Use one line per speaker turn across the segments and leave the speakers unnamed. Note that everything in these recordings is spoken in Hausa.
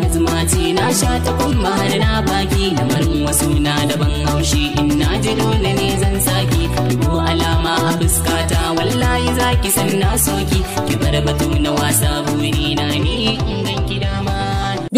na zuma ce na sha ta kuma da na baki lamarin wasu na daban haushi in na ji dole ne zan saki ko alama a fuskata wallahi zaki san na soki ki bar batu na wasa buri na ni in ganki dama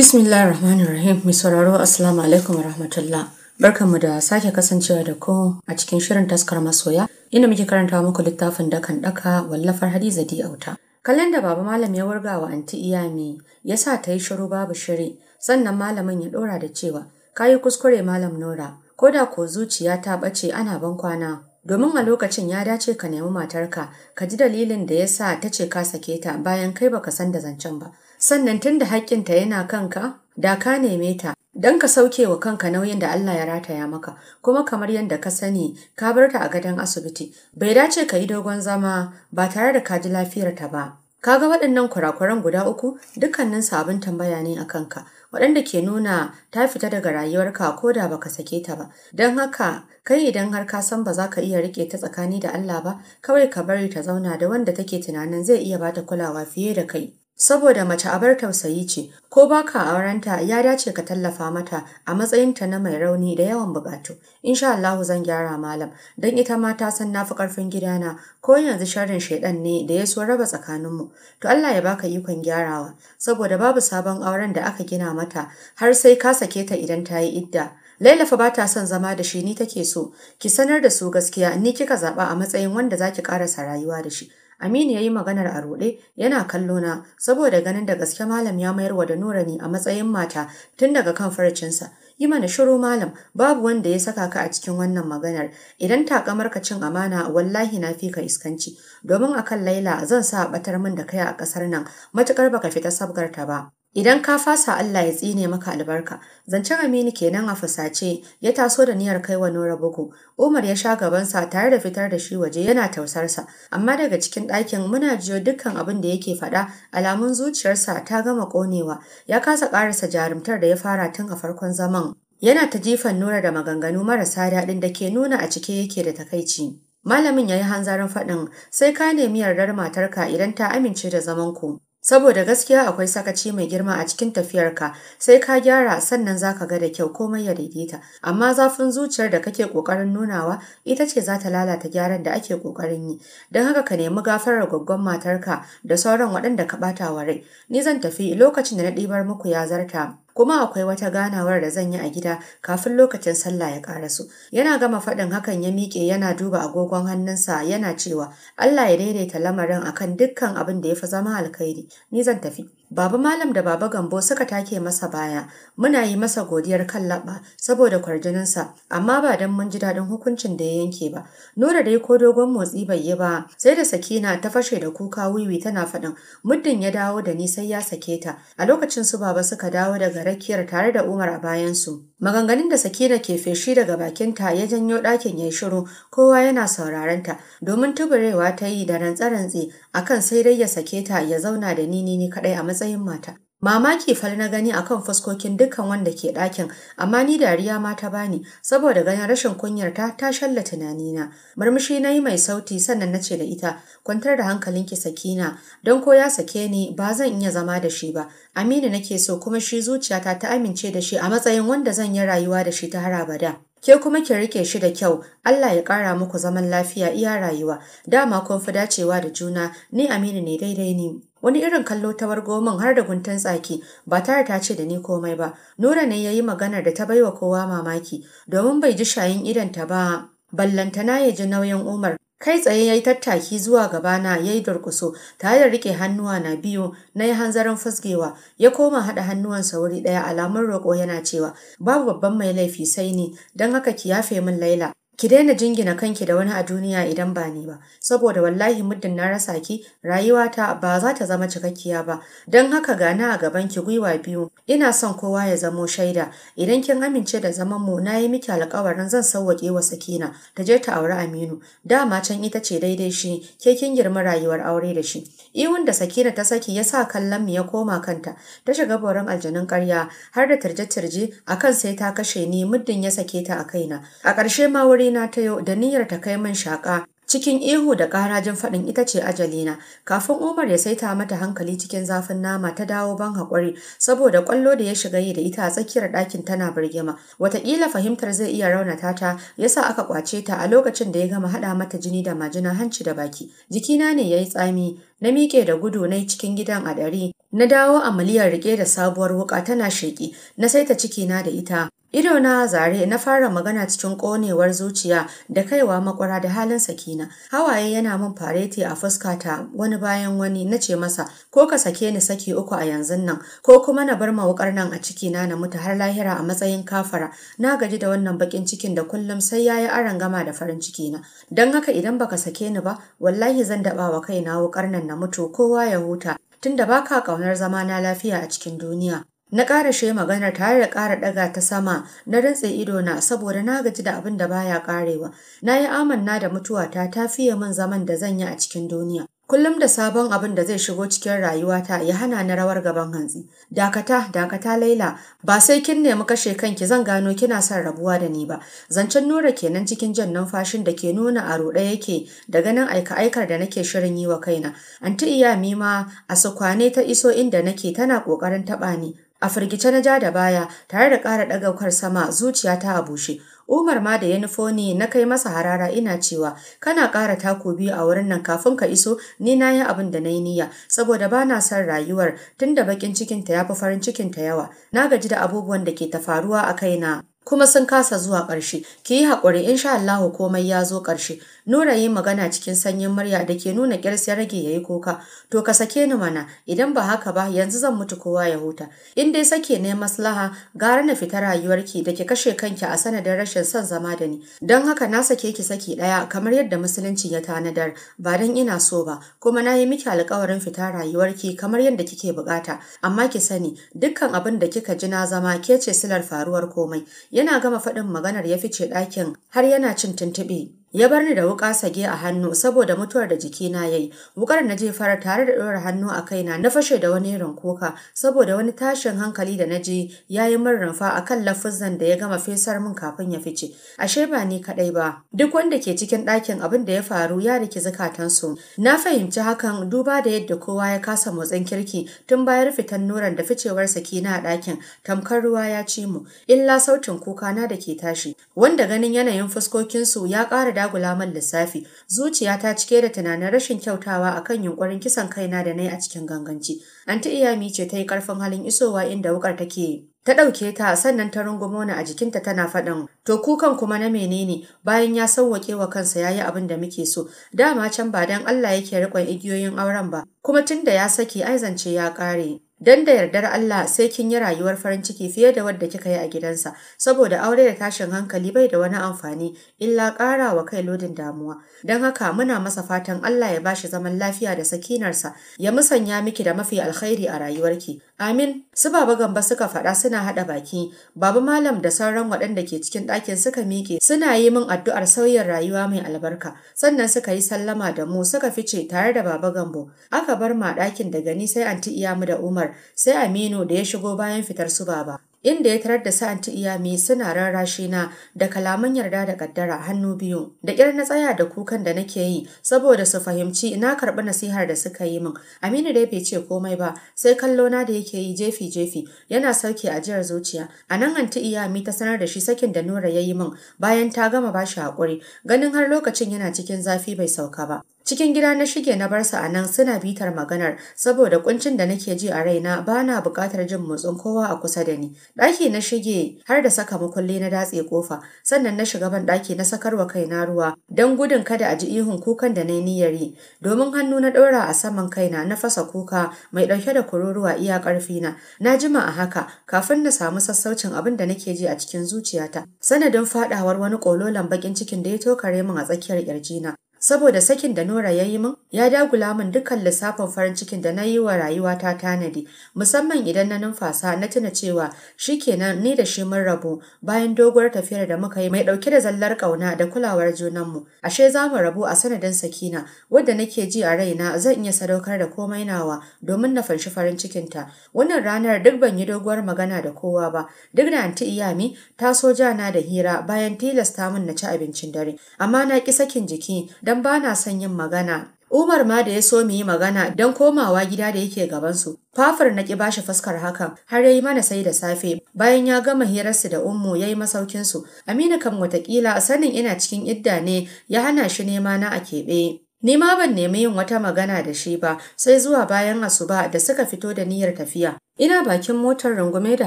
bismillahir rahmanir rahim mai sauraro assalamu alaikum warahmatullah Barkanmu da sake kasancewa da ku a cikin shirin taskar masoya inda muke karanta muku littafin dakan daka wallafar Hadiza Di Auta Kallon da baba malam ya wurga wa anti iyami ya sa ta yi shiru babu shiri sannan malamin ya ɗora da cewa ka yi kuskure malam Nora ko da ko zuciya ta bace, ana ban kwana domin a lokacin ya dace ka nemi matarka ka ji dalilin da ya sa ta ce ka sake ta bayan kai baka san da zancen ba sannan tun da haƙƙinta yana kanka da ka neme ta don ka sauke wa kanka nauyin da Allah ya rataya maka kuma kamar yadda ka sani ka bar ta a gadon asibiti bai dace ka yi dogon zama ba tare da ka ji lafiyar ta ba Ka ga waɗannan kurakuran guda uku dukkanin abin tambaya ne a kanka waɗanda ke nuna ta fita daga rayuwarka ko da baka sake ta ba don haka kai idan har ka san ba za ka iya riƙe ta tsakani da Allah ba kawai ka bari ta zauna da wanda take tunanin zai iya bata kulawa fiye da kai Saboda mace a bar tausayi ce, ko baka ka aurenta ya dace ka tallafa mata a matsayinta na mai rauni da yawan bukatu. Insha Allahu zan gyara malam, don ita ma ta san nafi karfin gidana, ko yanzu sharin shaidan ne da ya so raba tsakaninmu. To Allah ya baka ikon gyarawa, saboda babu sabon auren da aka gina mata har sai ka sake ta idan ta yi idda. Laila fa ba son zama da shi ni take so, ki sanar da su gaskiya ni kika zaba a matsayin wanda zaki karasa rayuwa da shi. Aminu ya yi maganar a ruɗe yana kallo na saboda ganin da gaske malam ya mayar wa da ni a matsayin mata tun daga kan farcinsa. Yi mana shiru malam babu wanda ya saka ka a cikin wannan maganar idan takamar ka cin amana wallahi na fi ka iskanci domin a kan Laila zan sa batar min da kai a ƙasar nan matukar baka fita sabgarta ba. Idan ka fasa Allah ya tsine maka albarka, zancen Aminu kenan a fusace ya taso da niyyar kai wa Nura bugu. Umar ya sha gabansa tare da fitar da shi waje yana tausarsa, amma daga cikin ɗakin muna jiyo dukkan abin da yake faɗa alamun zuciyarsa ta gama ƙonewa, ya kasa ƙarasa jarumtar da ya fara tun a farkon zaman. Yana ta jifan Nura da maganganu marasa daɗin da ke nuna a cike yake da takaici. Malamin ya yi hanzarin faɗin sai ka nemi yardar matarka idan ta amince da zamanku. Saboda gaskiya akwai sakaci mai girma a cikin tafiyarka, sai ka gyara sannan za ka ga da kyau komai ya daidaita. Amma zafin zuciyar da kake ƙoƙarin nunawa ita ce za ta lalata gyaran da ake ƙoƙarin yi. Don haka ka nemi gafarar gwaggon matarka da sauran waɗanda ka ɓata wa rai. Ni zan tafi lokacin da na ɗibar muku ya zarta. kuma akwai wata ganawar da zan yi a gida kafin lokacin sallah ya ƙara su. Yana gama faɗin hakan ya miƙe yana duba agogon hannunsa yana cewa Allah ya daidaita lamarin akan dukkan abin da ya fi zama alkhairi. Ni zan tafi. Baba Malam da Baba Gambo suka take masa baya, muna yi masa godiyar kan laɓa saboda kwarjininsa, amma ba don mun ji daɗin hukuncin da ya yanke ba. Nura dai ko dogon motsi bai yi ba, sai da Sakina ta fashe da kuka wiwi tana faɗin, muddin ya dawo da ni sai ya sake ta. A lokacin su Baba suka dawo daga rakiyar tare da Umar a bayansu. Maganganun da Sakina ke feshi daga bakinta ya janyo ɗakin ya yi shiru, kowa yana sauraron ta domin tuburewa ta yi da rantse a kan sai dai ya sake ta ya zauna da ni ni kaɗai a matsayin mata. Mamaki fal na gani a kan fuskokin dukkan wanda ke ɗakin, amma ni dariya ma ta bani saboda ganin rashin kunyar ta ta shalla tunanina. Murmushi na yi mai sauti sannan na ce da ita, kwantar da hankalinki sakina, don ko ya sake ni ba zan iya zama da shi ba. Aminu nake so kuma shi zuciyata ta amince da shi a matsayin wanda zan yi rayuwa da shi ta har abada. ke kuma ki rike shi da kyau Allah ya ƙara muku zaman lafiya iya rayuwa dama kun fi dacewa da juna ni Aminu ne daidai ne wani irin kallo ta wargo min har da guntun tsaki ba tare ta ce da ni komai ba Nura ne yayi maganar da ta baiwa kowa mamaki domin bai ji shayin idan ta ba ballantana ya ji nauyin Umar Kai tsaye ya yi tattaki zuwa gabana ya yi durƙuso tare da riƙe hannuwa na biyu na yi hanzarin fusgewa ya koma haɗa hannuwansa wuri ɗaya alamun roƙo yana cewa babu babban mai laifi sai ni don haka ki yafe min Laila Ki daina jingina kanki da wani a duniya idan ba ni ba, saboda wallahi muddin na rasa ki rayuwata ba za ta zama cikakkiya ba, don haka gana a gaban ki gwiwa biyu. Ina son kowa ya zamo shaida, idan kin amince da zaman mu na yi miki alkawarin zan sauwaƙe wa sakina ta je ta auri Aminu. Dama can ita ce daidai shi, ke kin girma rayuwar aure da shi. Iwun da sakina ta saki ya sa kallon mu ya koma kanta, ta shiga boron aljanun karya har da tirje-tirje akan sai ta kashe ni muddin ya sake ta a kaina. A ƙarshe ma wuri aurena ta yau da niyyar ta kai min shaƙa cikin ihu da ƙarajin faɗin ita ce ajalina kafin umar ya saita mata hankali cikin zafin nama ta dawo ban haƙuri saboda ƙwallo da ya shiga yi da ita a tsakiyar ɗakin tana birgima wataƙila fahimtar zai iya raunata ta yasa aka ƙwace ta a lokacin da ya gama haɗa mata jini da majina hanci da baki jikina ne ya yi tsami na miƙe da gudu na cikin gidan a ɗari na dawo amaliyar riƙe da sabuwar wuƙa tana sheƙi na saita cikina da ita Ido na zare na fara magana cikin ƙonewar zuciya da kaiwa makwara da halin sakina. Hawaye yana min fareti a fuskata wani bayan wani na ce masa ko ka sake ni saki uku a yanzun nan ko kuma na bar mawukar nan a ciki na na mutu har lahira a matsayin kafara. Na gaji da wannan bakin cikin da kullum sai ya yi aron gama da farin ciki na Don haka idan baka sake ni ba wallahi zan daɓa wa kaina wukar nan na mutu kowa ya huta tunda baka ƙaunar zama na lafiya a cikin duniya. Na ƙara she maganar tare da ƙara ɗaga ta sama na rantse idona saboda na gaji da abin da baya ƙarewa. Na yi amanna da mutuwata ta fiye min zaman da zan yi a cikin duniya. Kullum da sabon abin da zai shigo cikin rayuwata ya hana ni rawar gaban hantsi. Dakata, dakata Laila, ba sai kin nemi kashe kanki zan gano kina son rabuwa da ni ba. Zancen Nura kenan cikin jan numfashin da ke nuna a ruɗe yake da ganin aika-aikar da nake shirin yi wa kaina. Anti Iyami ma a sukwane ta iso inda nake tana ƙoƙarin taɓa ni. A firgice na ja da baya tare da ƙara ɗagaukar sama zuciya ta a bushe. Umar ma da ya nufo ni na kai masa harara ina cewa kana ƙara tako biyu a wurin nan kafin ka iso ni na yi abin da na yi niyya saboda ba na son rayuwar tunda bakin cikinta ya fi farin cikinta yawa. Na gaji da abubuwan da ke ta faruwa a kaina. kuma sun kasa zuwa ƙarshe ki yi haƙuri insha Allahu komai ya zo ƙarshe Nura yi magana cikin sanyin murya da ke nuna ƙirsi ya rage yayi kuka to ka sake ni mana idan ba haka ba yanzu zan mutu kowa ya huta in dai sake ne maslaha gara na fita rayuwarki da ki kashe kanki a sanadin rashin son zama da ni don haka na sake ki saki ɗaya kamar yadda musulunci ya tanadar ba dan ina so ba kuma na yi miki alƙawarin fita rayuwarki kamar yadda kike buƙata amma ki sani dukkan abin da kika ji na zama ke ce silar faruwar komai Yana gama faɗin maganar ya fice ɗakin har yana cin tuntuɓe. ya bar ni da wuka sage a hannu saboda mutuwar da jikina ya yi wukar na jefar tare da ɗora hannu a kaina na fashe da wani irin kuka saboda wani tashin hankali da na ji ya yi min rumfa a kan lafuzan da ya gama fesar min kafin ya fice ashe ba ni kaɗai ba duk wanda ke cikin ɗakin abin da ya faru ya riki zukatansu na fahimci hakan duba da yadda kowa ya kasa motsin kirki tun bayan fitan nuran da ficewar sakina a ɗakin tamkar ruwa ya ci mu illa sautin kuka na da ke tashi wanda ganin yanayin fuskokinsu ya ƙara dagula man lissafi zuciya ta cike da tunanin rashin kyautawa akan yunkurin kisan kaina da na yi a cikin ganganci anti iyami ce ta yi karfin halin isowa inda wukar take ta ɗauke ta sannan ta rungumo a jikinta tana faɗin to kukan kuma na menene bayan ya sauwaƙe wa kansa yayi abin da muke so dama can ba dan Allah yake riƙon igiyoyin auren ba kuma tun da ya sake aizance ya ƙare Dan da yardar Allah sai kin yi rayuwar farin ciki fiye da wadda kika yi a gidansa, saboda aure da tashin hankali bai da wani amfani illa ƙara wa kai lodin damuwa. Don haka muna masa fatan Allah ya bashi zaman lafiya da sakinarsa, ya musanya miki da mafi alkhairi a rayuwarki. Amin, su baba gamba suka faɗa suna haɗa baki, Babu malam da sauran waɗanda ke cikin ɗakin suka miƙe suna yi min addu'ar sauyin rayuwa mai albarka, sannan suka yi sallama da mu suka fice tare da baba gambo. Aka bar ma ɗakin daga ni sai anti Iyamu da Umar, sai Aminu da ya shigo bayan fitar su baba. inda ya tarar da sa'anti anti iyami suna rarrashe na da kalaman yarda da kaddara hannu biyu da kyar na tsaya da kukan da nake yi saboda su fahimci ina karɓi nasihar da suka yi min aminu dai bai ce komai ba sai kallo na da yake yi jefi jefi yana sauke ajiyar zuciya a nan anti iyami ta sanar da shi sakin da nura ya yi min bayan ta gama bashi shi haƙuri ganin har lokacin yana cikin zafi bai sauka ba Cikin gida na shige na barsa a nan suna bitar maganar saboda kuncin da nake ji a raina ba na buƙatar jin motsin kowa a kusa da ni. Ɗaki na shige har da saka makulli na datse kofa sannan na shiga ban daki na sakarwa kaina ruwa don gudun kada a ji ihun kukan da na niyyar yi. Domin hannu na ɗora a saman kaina na fasa kuka mai ɗauke da kururuwa iya ƙarfina. Na jima a haka kafin na samu sassaucin abin da nake ji a cikin zuciyata. Sanadin faɗawar wani ƙololan baƙin cikin da ya tokare min a tsakiyar na. saboda sakin da Nora ya yi min ya dagula min dukkan lissafin farin cikin da na yi wa rayuwata tanadi musamman idan na numfasa na tuna cewa shi kenan ni da shi mun rabu bayan doguwar tafiyar da muka yi mai ɗauke da zallar ƙauna da kulawar junanmu ashe za mu rabu a sanadin sakina wadda nake ji a raina zan iya sadaukar da komai nawa domin na fanshi farin cikinta wannan ranar duk ban yi doguwar magana da kowa ba duk da anti iyami ta so na da hira bayan tilasta min na ci abincin dare amma na ki sakin jiki da don ba na son yin magana. Umar ma da ya so mu yi magana don komawa gida da yake gabansu. Fafar na ki bashi fuskar hakan har ya yi mana sai da safe bayan ya gama hirarsu da ummu ya yi masaukinsu. Aminu kan watakila sanin ina cikin idda ne ya hana shi nema na a keɓe. Ni ma ban nemi yin wata magana da shi ba sai zuwa bayan asuba da suka fito da niyyar tafiya. Ina bakin motar rungume da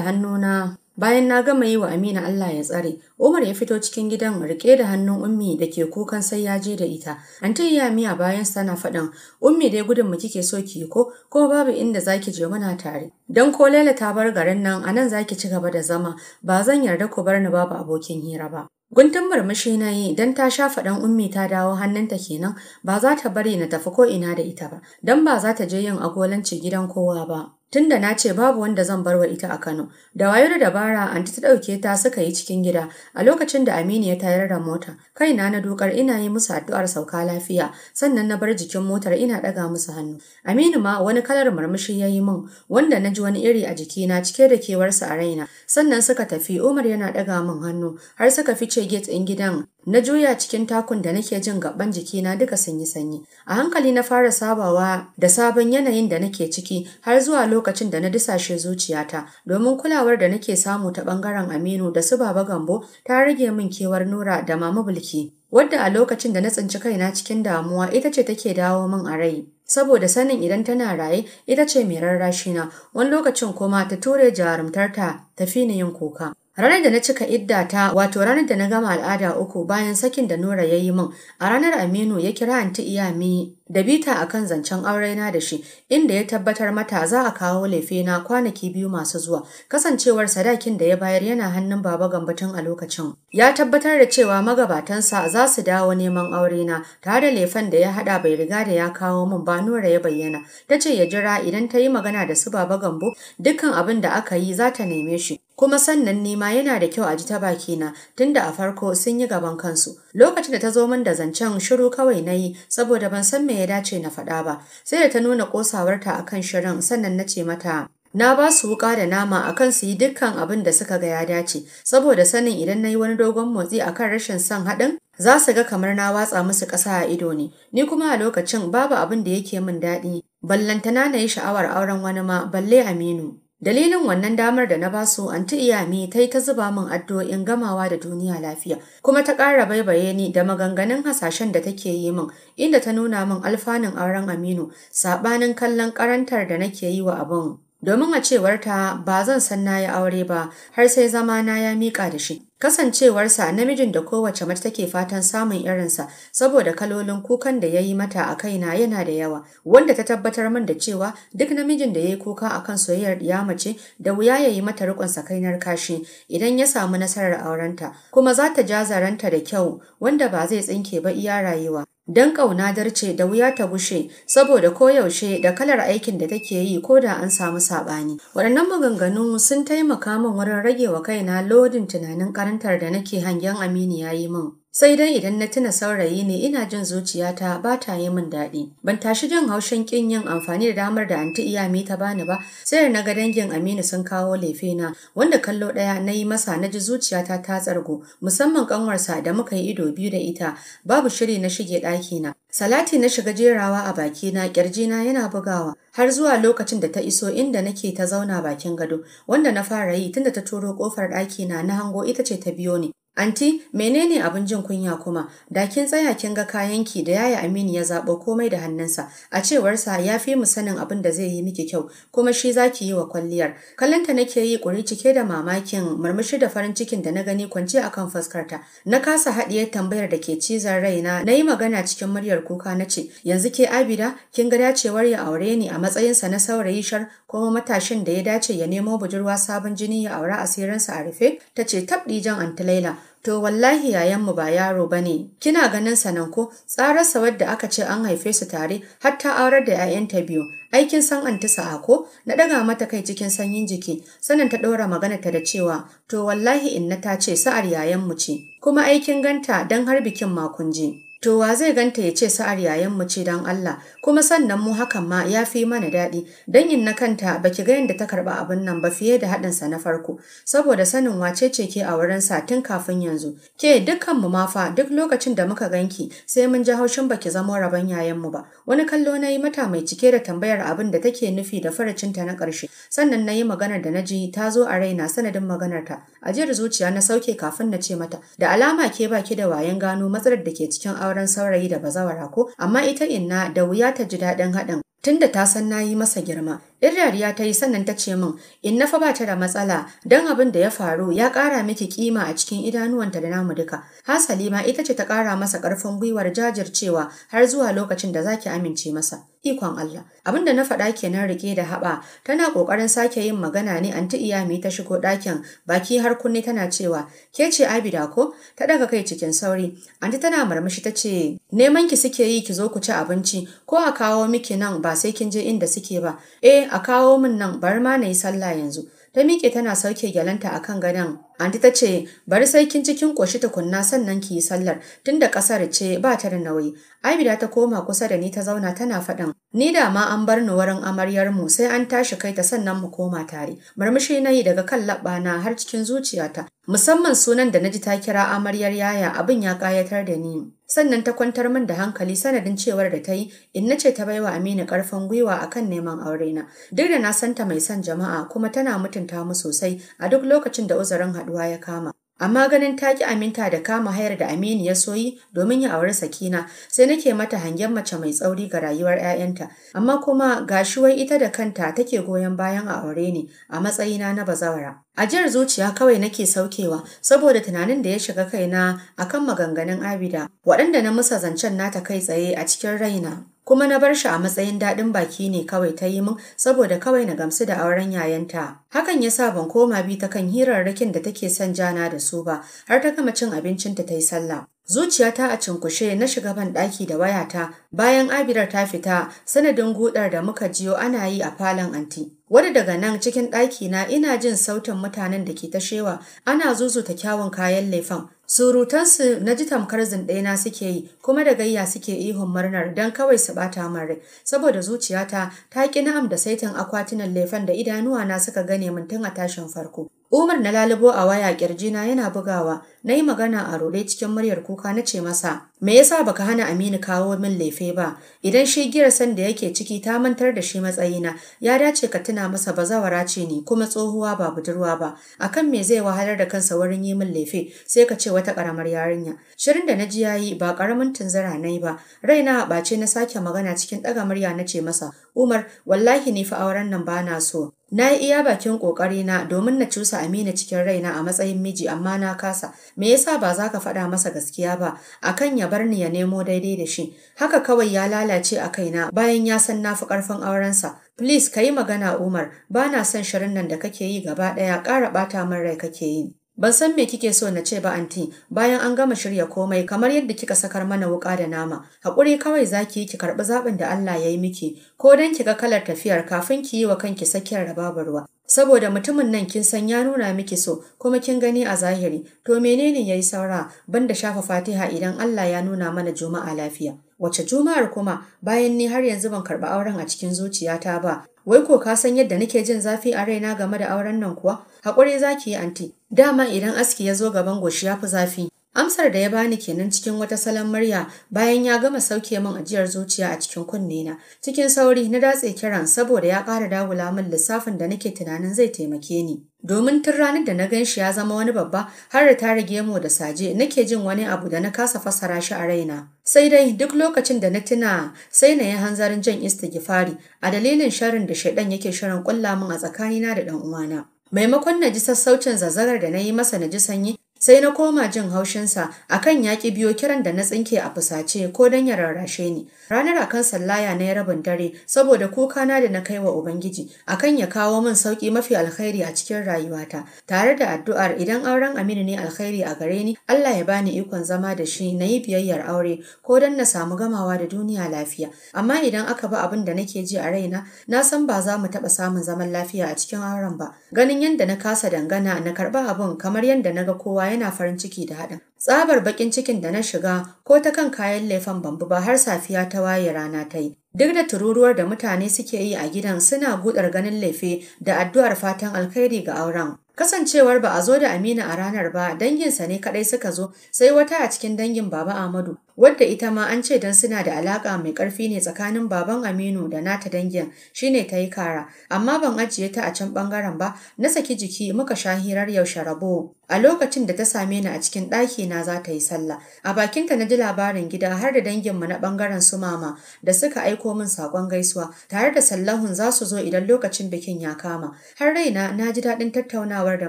hannuna Bayan na gama yi wa Amina Allah ya tsare, Umar ya fito cikin gidan rike da hannun Ummi da ke kukan sai ya je da ita. An ta yi miya bayan sana faɗan, Ummi dai gudun mu kike so ki ko kuma babu inda zaki je muna tare. Don ko Laila ta bar garin nan a nan zaki ci gaba da zama, ba zan yarda ku bar ni babu abokin hira ba. Guntun murmushi na yi don ta sha faɗan ummi ta dawo hannunta kenan ba za ta bari na tafi ko ina da ita ba, don ba za ta je yin agolanci gidan kowa ba. Tun da na ce babu wanda zan bar wa ita a Kano, da wayo da dabara anti ta ɗauke ta suka yi cikin gida a lokacin da Aminu ya tayar da mota. kai na na dukar ina yi musu addu'ar sauka lafiya, sannan na bar jikin motar ina ɗaga musu hannu. Aminu ma wani kalar murmushi ya yi min, wanda na ji wani iri a jikina cike da kewarsa a raina. Sannan suka tafi Umar yana ɗaga min hannu har suka fice gate ɗin gidan Na juya cikin takun da nake jin gaban jikina duka sanyi-sanyi. A hankali na fara sabawa da sabon yanayin da nake ciki har zuwa lokacin lokacin da na disashe zuciyata domin kulawar da nake samu ta bangaren Aminu da su Baba Gambo ta rage min kewar Nura da Mama Bulki wadda a lokacin da na tsinci kaina cikin damuwa ita ce take dawo min a rai saboda sanin idan tana raye ita ce mai rarrashi na wani lokacin kuma ta ture jarumtarta tafi ni yin kuka Ranar da na cika idda ta wato ranar da na gama al'ada uku bayan sakin da Nura ya yi min, a ranar Aminu ya kira anti iyami da bita a kan zancen aurena da shi, inda ya tabbatar mata za a kawo lefe na kwanaki biyu masu zuwa, kasancewar sadakin da ya bayar yana hannun baba gambatun a lokacin. Ya tabbatar da cewa magabatansa za su dawo neman aurena, tare da lefen da ya hada bai riga da ya kawo min ba Nura ya bayyana. Ta ce ya jira idan ta yi magana da su baba gambo, dukkan abin da aka yi za ta neme shi. kuma sannan nema yana da kyau a ji ta bakina tunda a farko sun yi gaban kansu lokacin da ta zo min da zancen shiru kawai na yi saboda ban san me ya dace na faɗa ba sai da ta nuna a kan shirin sannan na ce mata Na ba su wuƙa da nama a kan su yi dukkan abin da suka ga ya dace, saboda sanin idan na yi wani dogon motsi a kan rashin son haɗin, za su ga kamar na watsa musu ƙasa a ido ne, ni kuma a lokacin babu abin da yake min daɗi, ballantana na yi sha'awar auren wani ma, balle Aminu. Dalilin wannan damar da na basu anti iyami ta yi ta zuba min addu'o'in gamawa da duniya lafiya, kuma ta ƙara baibaye ni da maganganun hasashen da take yi min, inda ta nuna min alfanun auren Aminu, saɓanin kallon karantar da nake yi wa abin. Domin a cewarta ba zan san na yi aure ba har sai zama na ya miƙa da shi, Kasancewarsa namijin da kowace mace take fatan samun irinsa saboda kalolin kukan da ya yi mata a kaina yana da yawa, wanda ta tabbatar min da cewa duk namijin da ya yi kuka a kan soyayyar ya mace da wuya ya yi mata rikon sakainar kashi idan ya samu nasarar aurenta, kuma za ta ja zaranta da kyau wanda ba zai tsinke ba iya rayuwa. don ƙauna darce da wuya ta gushe saboda koyaushe da kalar aikin da take yi ko da an samu saɓani. Waɗannan maganganu sun taimaka min wurin rage wa kaina lodin tunanin karantar da nake hangen Aminu ya yi min. Sai dai idan na tuna saurayi ne ina jin zuciyata ba ta yi min daɗi. Ban tashi jin haushin kin yin amfani da damar da anti iyami ta bani ba, sai na ga dangin Aminu sun kawo lefena wanda kallo ɗaya na yi masa na ji zuciyata ta tsargo, musamman ƙanwarsa da muka yi ido biyu da ita, babu shiri na shige ɗakina. Salati na shiga jerawa a bakina, na yana bugawa, har zuwa lokacin da ta iso inda nake ta zauna bakin gado, wanda na fara yi tunda ta turo kofar ɗakina na hango ita ce ta biyo ni. Anti, menene abin jin kunya kuma? Da kin tsaya kin ga kayanki da yaya Aminu ya zaɓo komai da hannunsa. A cewarsa ya fi mu sanin abin da zai yi miki kyau, kuma shi za ki yi wa kwalliyar. Kallonta nake yi ƙuri cike da mamakin murmushi da farin cikin da na gani kwance akan fuskarta. Na kasa haɗiye tambayar da ke cizon raina, na yi magana cikin muryar kuka na ce, yanzu ke Abida, kin ga dacewar ya aure ni a matsayinsa na saurayi shar kuma matashin da ya dace ya nemo budurwa sabon jini ya aura asirinsa a rufe? Ta ce jan Antilaila. To wallahi yayanmu ba yaro ba ne, kina ganin sanan ko tsararsa wadda aka ce an haife su tare har ta aurar da 'ya'yanta biyu. Aikin san anti sa'a ko na ɗaga mata kai cikin sanyin jiki, sanin ta ɗora magana ta da cewa to wallahi inna ta ce sa'ar yayanmu ce, kuma aikin ganta don har bikin makunji. To wa zai ganta ya ce sa'ar mu ce don Allah, kuma sannan mu hakan ma ya fi mana daɗi, don in na kanta ba ki ga yadda ta karɓa abin nan ba fiye da haɗinsa na farko, saboda sanin wace ce ke a wurin sa tun kafin yanzu. Ke dukkan mu mafa duk lokacin da muka ganki sai mun ji haushin ba ki zamo rabon mu ba. Wani kallo na yi mata mai cike da tambayar abin da take nufi da faracinta na ƙarshe, sannan na yi maganar da na ji ta zo a raina sanadin maganar ta Ajiyar zuciya na sauke kafin na ce mata, da alama ke ba baki da wayan gano matsalar da ke cikin auren saurayi da bazawara ko amma ita inna da wuya ta ji daɗin haɗin tunda ta san na yi masa girma In dariya ta yi sannan ta ce min, in na fa ba ta da matsala, don abin da ya faru ya ƙara miki kima a cikin idanuwanta da namu duka. Hasali ma ita ce ta ƙara masa ƙarfin gwiwar jajircewa har zuwa lokacin da zaki amince masa. Ikon Allah. Abin da na faɗa kenan rike da haɓa, tana ƙoƙarin sake yin magana ne anti iyami ta shigo ɗakin baki har kunne tana cewa, ke ce Abida ko? Ta ɗaga kai cikin sauri. Anti tana murmushi ta ce, neman ki suke yi ki zo ku ci abinci ko a kawo miki nan ba sai kin je inda suke ba. Eh, a kawo min nan bar ma na yi sallah yanzu. Ta miƙe tana sauke gyalanta a kan gadon Anti ta ce, bari sai kin ci kin ƙoshi tukunna sannan ki yi sallar, tunda ƙasar ce ba ta da nauyi. Abida ta koma kusa da ni ta zauna tana faɗin, ni da ma an bar ni wurin amaryarmu sai an tashi kai ta sannan mu koma tare. Murmushi na yi daga kan laɓana har cikin zuciyata, musamman sunan da na ji ta kira amaryar yaya abin ya ƙayatar da ni. sannan ta kwantar min da hankali sanadin cewar da ta yi inna ce ta bai wa Aminu ƙarfin gwiwa a kan neman aurena duk da na santa mai son jama'a kuma tana mutunta mu sosai a duk lokacin da uzurin haɗu haduwa ya kama. Amma ganin taki ki aminta da kama hayar da Aminu ya soyi domin ya auri Sakina, sai nake mata hangen mace mai tsauri ga rayuwar 'ya'yanta. Amma kuma gashiwai ita da kanta take goyon bayan a aure ni a matsayina na bazawara. Ajiyar zuciya kawai nake saukewa saboda tunanin da ya shiga kaina akan maganganun Abida, waɗanda na musa zancen nata kai tsaye a cikin raina. kuma na bar shi a matsayin daɗin baki ne kawai ta yi min saboda kawai na gamsu da auren yayanta. Hakan ya sa ban koma bi ta kan hirarrakin da take son jana da su ba, har ta gama cin abincinta ta yi sallah. Zuciyata a cinkushe na shiga ban ɗaki da wayata bayan abirar ta fita sanadin gudar da muka jiyo ana yi a falon anti. Wadda daga nan cikin ɗaki na ina jin sautin mutanen da ke tashewa ana zuzuta kyawun kayan laifin Surutansu na ji tamkar zinɗaina suke yi, kuma da gayya suke ihun murnar don kawai su bata min saboda zuciyata ta ƙi na'am da saitin akwatunan lefen da idanuwa na suka gane min tun a tashin farko. Umar na lalubo a waya na yana bugawa, na yi magana a ruɗe cikin muryar kuka na ce masa, Me yasa baka hana Aminu kawo min lefe ba, idan shi giyar san da yake ciki ta mantar da shi matsayina, ya dace ka tuna masa ba zawara ce ni kuma tsohuwa ba budurwa ba, akan me zai wahalar da kansa wurin yi min lefe sai ka ce wata ƙaramar yarinya. Shirin da na ji ya yi ba ƙaramin tunzara na yi ba, raina a ɓace na sake magana cikin ɗaga murya na ce masa, Umar, wallahi ni fa auren nan ba na so, Na yi iya bakin ƙoƙarina domin na cusa Amina cikin raina a matsayin miji amma na kasa. Me yasa ba za ka faɗa masa gaskiya ba akan ya bar ni ya nemo daidai da shi. Haka kawai ya lalace a kaina bayan ya san na fi ƙarfin aurensa. Please ka yi magana Umar, ba na son shirin nan da kake yi gaba ɗaya ƙara ɓata min rai kake yi. Ban san me kike so na ce ba anti, bayan an gama shirya komai kamar yadda kika sakar mana wuka da nama. Haƙuri kawai zaki ki karɓi zaɓin da Allah ya yi miki, ko don ki ga kalar tafiyar kafin ki yi wa kanki sakiyar da babu ruwa. Saboda mutumin nan kin san ya nuna miki so kuma kin gani a zahiri, to menene yayi saura ban da shafa Fatiha idan Allah ya nuna mana Juma'a lafiya. Wace Juma'ar kuma bayan ni har yanzu ban karɓi auren a cikin zuciyata ba, wai ko ka san yadda nake jin zafi a raina game da auren nan kuwa? Hakuri zaki yi anti, Dama idan aski ya zo gaban goshi ya fi zafi. Amsar da ya bani kenan cikin wata salon murya bayan ya gama sauke min ajiyar zuciya a cikin kunne na. Cikin sauri na datse kiran saboda ya kara dagula min lissafin da nake tunanin zai taimake ni. Domin tun ranar da na gan shi ya zama wani babba har da ta rage mu da saje nake jin wani abu da na kasa fasara shi a raina. Sai dai duk lokacin da na tuna sai na yi hanzarin jan istigifari a dalilin sharin da shaidan yake shirin kulla min a tsakanina da ɗan uwana. Maimakon na ji sassaucin zazzagar da na yi masa na ji sanyi, Sai na koma jin haushinsa a kan yaƙi biyo kiran da na tsinke a fusace ko don ya rarrashe ni. Ranar akan sallaya na rabin dare saboda kukana da na kai wa Ubangiji akan ya kawo min sauƙi mafi alkhairi a cikin rayuwata. Tare da addu'ar idan auren Aminu ne alkhairi a gare ni, Allah ya bani ikon zama da shi na yi biyayyar aure ko don na samu gamawa da duniya lafiya. Amma idan aka bi abin da nake ji a raina, na san ba za mu taɓa samun zaman lafiya a cikin auren ba. Ganin yadda na kasa dangana na karɓa abin kamar yadda na ga kowa yana farin ciki da haɗin. Tsabar baƙin cikin da na shiga ko ta kan kayan laifin bambu ba har safiya ta waye rana ta yi. Duk da tururuwar da mutane suke yi a gidan suna gudar ganin laife da addu'ar fatan alkhairi ga auren. Kasancewar ba a zo da Amina a ranar ba, danginsa ne kaɗai suka zo, sai wata a cikin dangin Baba Amadu. wadda ita ma an ce don suna da alaƙa mai ƙarfi ne tsakanin baban Aminu da nata dangin shine ta yi kara, amma ban ajiye ta a can ɓangaren ba, na saki jiki muka sha hirar yaushe rabo. A lokacin da ta same ni a cikin ɗaki na za ta yi sallah, a bakinta na ji labarin gida har da danginmu na ɓangaren su mama da suka aiko min saƙon gaisuwa tare da sallahun za su zo idan lokacin bikin ya kama. Har raina na ji daɗin tattaunawar da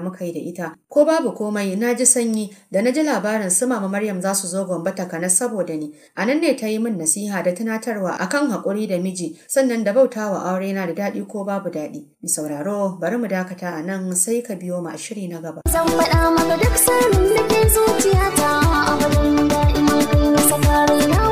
muka yi da ita, ko babu komai na ji sanyi da na ji labarin su mama Maryam za su zo Gombe takana saboda saboda ni a nan ne ta yi min nasiha da tunatarwa akan haƙuri da miji sannan da wa aure na da daɗi ko babu daɗi mi sauraro bari mu dakata a nan sai ka biyo ma shiri na gaba zan faɗa maka duk sanin da ke zuciyata a wajen kai